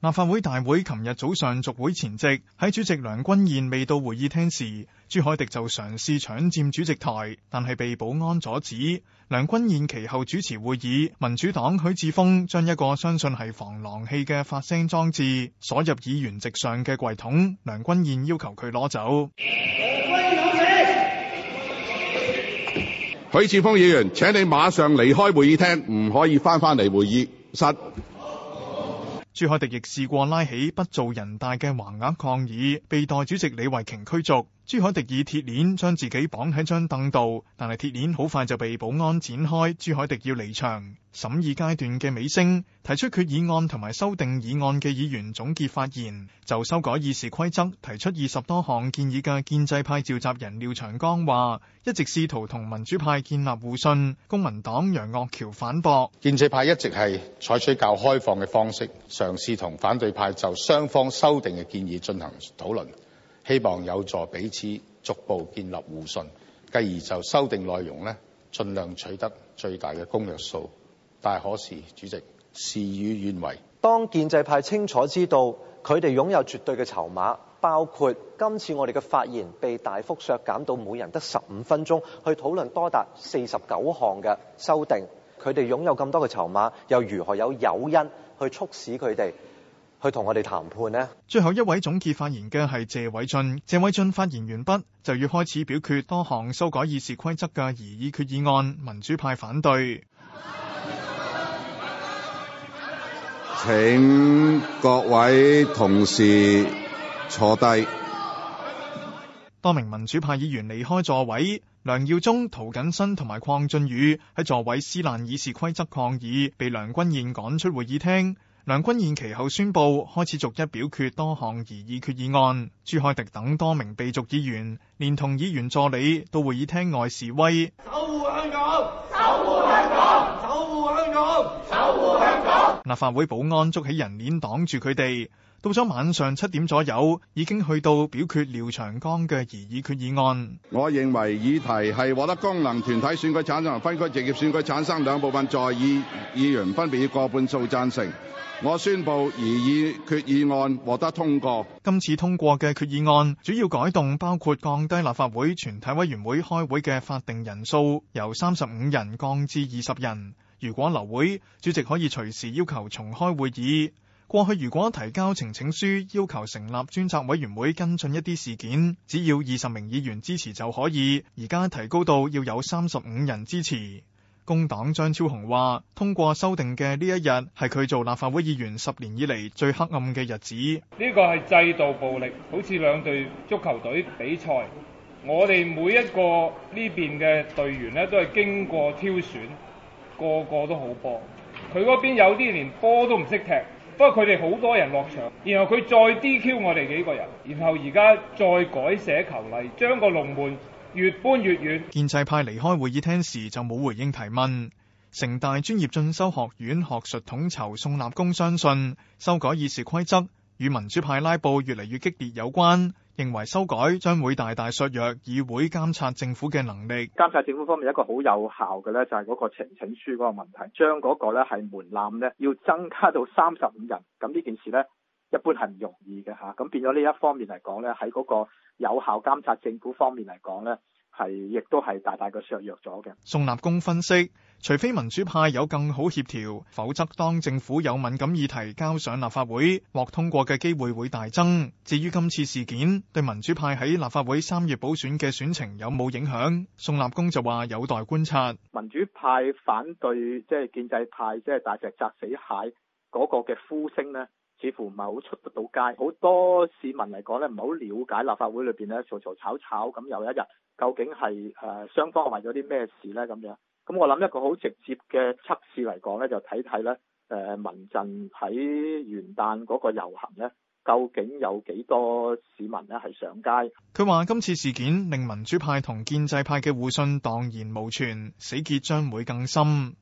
立法會大會琴日早上續會前夕，喺主席梁君彥未到會議廳時，朱凱迪就嘗試搶佔主席台，但係被保安阻止。梁君彥其後主持會議，民主黨許智峰將一個相信係防狼器嘅發聲裝置鎖入議員席上嘅櫃桶，梁君彥要求佢攞走。許智峰議員，請你馬上離開會議廳，唔可以返返嚟會議室。失朱凱廸亦試過拉起不做人大嘅橫額抗議，被代主席李慧瓊驅逐。朱凱迪以鐵鏈將自己綁喺張凳度，但係鐵鏈好快就被保安剪開。朱凱迪要離場。審議階段嘅尾聲，提出決議案同埋修訂議案嘅議員總結發言，就修改議事規則提出二十多項建議嘅建制派召集人廖長江話：一直試圖同民主派建立互信。公民黨楊岳橋反駁：建制派一直係採取較開放嘅方式，嘗試同反對派就雙方修訂嘅建議進行討論。希望有助彼此逐步建立互信，繼而就修訂內容呢盡量取得最大嘅公約數，但可是，主席事與願違。當建制派清楚知道佢哋擁有絕對嘅籌碼，包括今次我哋嘅發言被大幅削減到每人得十五分鐘去討論多達四十九項嘅修訂，佢哋擁有咁多嘅籌碼又如何有誘因去促使佢哋？去同我哋談判呢？最後一位總結發言嘅係謝偉俊。謝偉俊發言完畢，就要開始表決多項修改議事規則嘅疑議決議案。民主派反對。請各位同事坐低。多名民主派議員離開座位，梁耀忠、涂謹申同埋鄺俊宇喺座位撕爛議事規則抗議，被梁君彥趕出會議廳。梁君彥其後宣佈開始逐一表決多項疑議決議案，朱凱迪等多名被逐議員連同議員助理到會議廳外示威，守護香港，守護香港，守護香港，守護香港。立法會保安捉起人鏈擋住佢哋。到咗晚上七點左右，已經去到表決廖長江嘅疑議決議案。我認為議題係獲得功能團體選舉產生同分區直選選舉產生兩部分，在議議員分別要過半數贊成。我宣布疑議決議案獲得通過。今次通過嘅決議案，主要改動包括降低立法會全體委員會開會嘅法定人數，由三十五人降至二十人。如果留會，主席可以隨時要求重開會議。過去如果提交呈請書要求成立專責委員會跟進一啲事件，只要二十名議員支持就可以。而家提高到要有三十五人支持。工黨張超雄話，通過修訂嘅呢一日係佢做立法會議員十年以嚟，最黑暗嘅日子。呢個係制度暴力，好似兩隊足球隊比賽，我哋每一個呢邊嘅隊員呢，都係經過挑選，個個都好波。佢嗰邊有啲連波都唔識踢。不過佢哋好多人落場，然後佢再 DQ 我哋幾個人，然後而家再改寫球例，將個龍門越搬越遠。建制派離開會議廳時就冇回應提問。城大專業進修學院學術統籌宋立功相信，修改議事規則與民主派拉布越嚟越激烈有關。認為修改將會大大削弱議會監察政府嘅能力。監察政府方面一個好有效嘅呢，就係嗰個呈請書嗰個問題，將嗰個呢係門檻呢要增加到三十五人。咁呢件事呢，一般係唔容易嘅吓，咁變咗呢一方面嚟講呢，喺嗰個有效監察政府方面嚟講呢。係，亦都係大大嘅削弱咗嘅。宋立功分析，除非民主派有更好協調，否則當政府有敏感議題交上立法會獲通過嘅機會會大增。至於今次事件對民主派喺立法會三月補選嘅選情有冇影響，宋立功就話有待觀察。民主派反對即係建制派，即係大石砸死蟹嗰個嘅呼聲呢，似乎唔係好出得到街。好多市民嚟講咧，唔係好了解立法會裏面咧嘈嘈吵吵咁有一日。究竟係誒、呃、雙方為咗啲咩事呢？咁樣咁我諗一個好直接嘅測試嚟講咧，就睇睇咧誒民陣喺元旦嗰個遊行咧，究竟有幾多市民咧係上街？佢話今次事件令民主派同建制派嘅互信蕩然無存，死結將會更深。